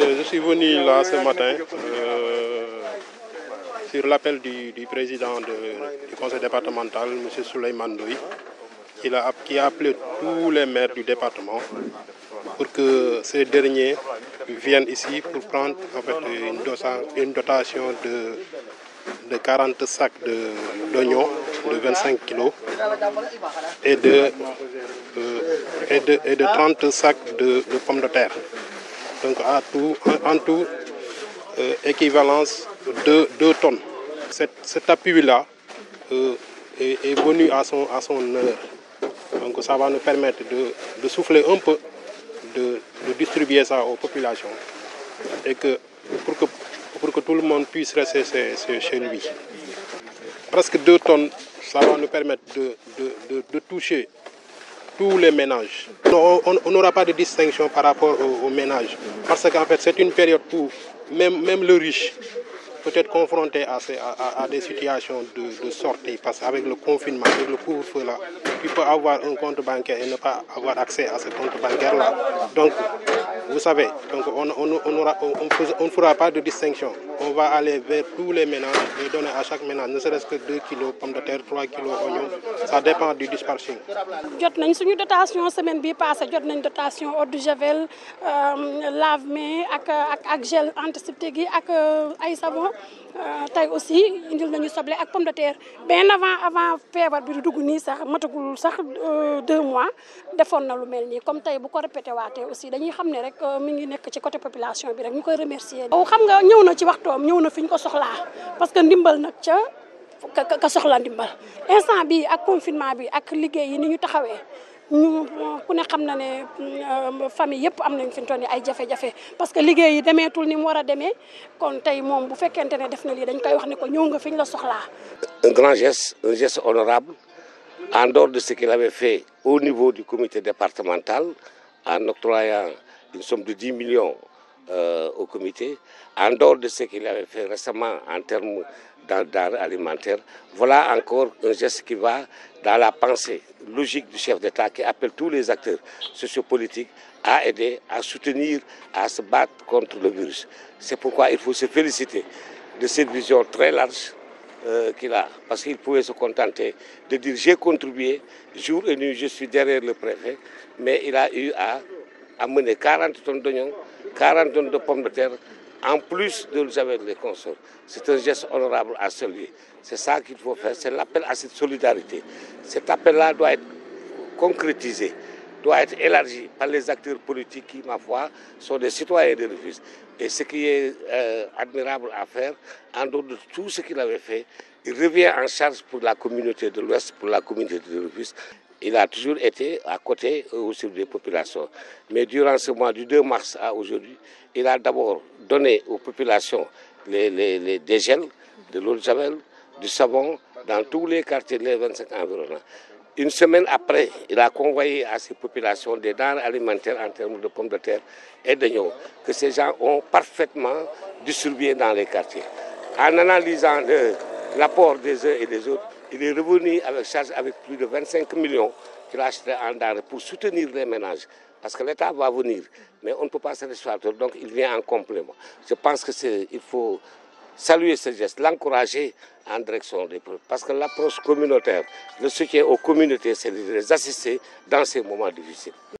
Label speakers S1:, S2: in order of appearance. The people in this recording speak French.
S1: Euh, je suis venu là ce matin euh, sur l'appel du, président du conseil départemental, M. Souleymane Doui, qui a, appelé tous les maires du département pour que ces derniers viennent ici pour prendre en fait, une, dotation, de, 40 sacs d'oignons de, 25 kilos et de, 30 euh, sacs de pommes de terre. Donc en tout, en, tout euh, équivalence de 2 tonnes. Cet, appui-là euh, est, venu à son, à son heure. Donc ça va nous permettre de, souffler un peu, de, distribuer ça aux populations et que pour que, tout le monde puisse rester chez lui. Presque 2 tonnes, ça va nous permettre de, de toucher tous les ménages. on n'aura pas de distinction par rapport aux, ménages. Parce qu'en fait, c'est une période pour même, même le riche peut-être confronté à, des situations de, sortie, parce qu'avec le confinement, avec le couvre-feu là, tu peux avoir un compte bancaire et ne pas avoir accès à ce compte bancaire là. Donc, vous savez, donc on ne fera pas de distinction. On va aller vers tous les ménages et donner à chaque ménage, ne serait-ce que 2 kilos pommes de terre, 3 kg oignons. Ça dépend du dispatching.
S2: Nous avons une dotation semaine passée dotation de javel euh, lave-mains gel antiseptique euh, avec. Euh, tey aussi indil nañu soble ak pomme de terre bien avant avant feebar bi di dugg nii sax matagul sax euh, deux mois defoon na lu mel nii comme tey bu ko répété waatee aussi dañuy xam ne rek euh, mi ngi nekk ci côté population bi rek ñu koy remercier. xam nga ñëw na ci waxtoom ñëw na fi ko soxlaa parce que ndimbal nag ca. ka soxla ndimbal instant bi ak confinement bi ak liggéey yi ni ñu taxawee Nous, ku ne euh, famille am parce que les yi ont ni mu war a kon tay mom bu fekkente né def na li dañ koy wax la
S3: un grand geste un geste honorable en dehors de ce qu'il avait fait au niveau du comité départemental en octroyant une somme de 10 millions euh, au comité, en dehors de ce qu'il avait fait récemment en termes d'art alimentaire. Voilà encore un geste qui va dans la pensée logique du chef d'État qui appelle tous les acteurs sociopolitiques à aider, à soutenir, à se battre contre le virus. C'est pourquoi il faut se féliciter de cette vision très large euh, qu'il a, parce qu'il pouvait se contenter de dire j'ai contribué, jour et nuit je suis derrière le préfet, mais il a eu à amener 40 tonnes d'oignons, 40 tonnes de pommes de terre, en plus de nous avoir les consoles, C'est un geste honorable à celui. C'est ça qu'il faut faire, c'est l'appel à cette solidarité. Cet appel-là doit être concrétisé, doit être élargi par les acteurs politiques qui, ma foi, sont des citoyens de Rufus. Et ce qui est euh, admirable à faire, en dehors de tout ce qu'il avait fait, il revient en charge pour la communauté de l'Ouest, pour la communauté de Rufus il a toujours été à côté aussi des populations. Mais durant ce mois du 2 mars à aujourd'hui, il a d'abord donné aux populations les, les, de l'eau de javel, du savon dans tous les quartiers des 25 environnants. Une semaine après, il a convoyé à ces populations des denrées alimentaires en termes de pommes de terre et d'oignons que ces gens ont parfaitement distribué dans les quartiers. En analysant l'apport des uns et des autres, il est revenu avec charge avec plus de 25 millions qu'il a acheté en d'art pour soutenir les ménages. Parce que l'État va venir, mais on ne peut pas se satisfaire. Donc il vient en complément. Je pense qu'il faut saluer ce geste, l'encourager en direction des peuples. Parce que l'approche communautaire, le soutien aux communautés, c'est de les assister dans ces moments difficiles.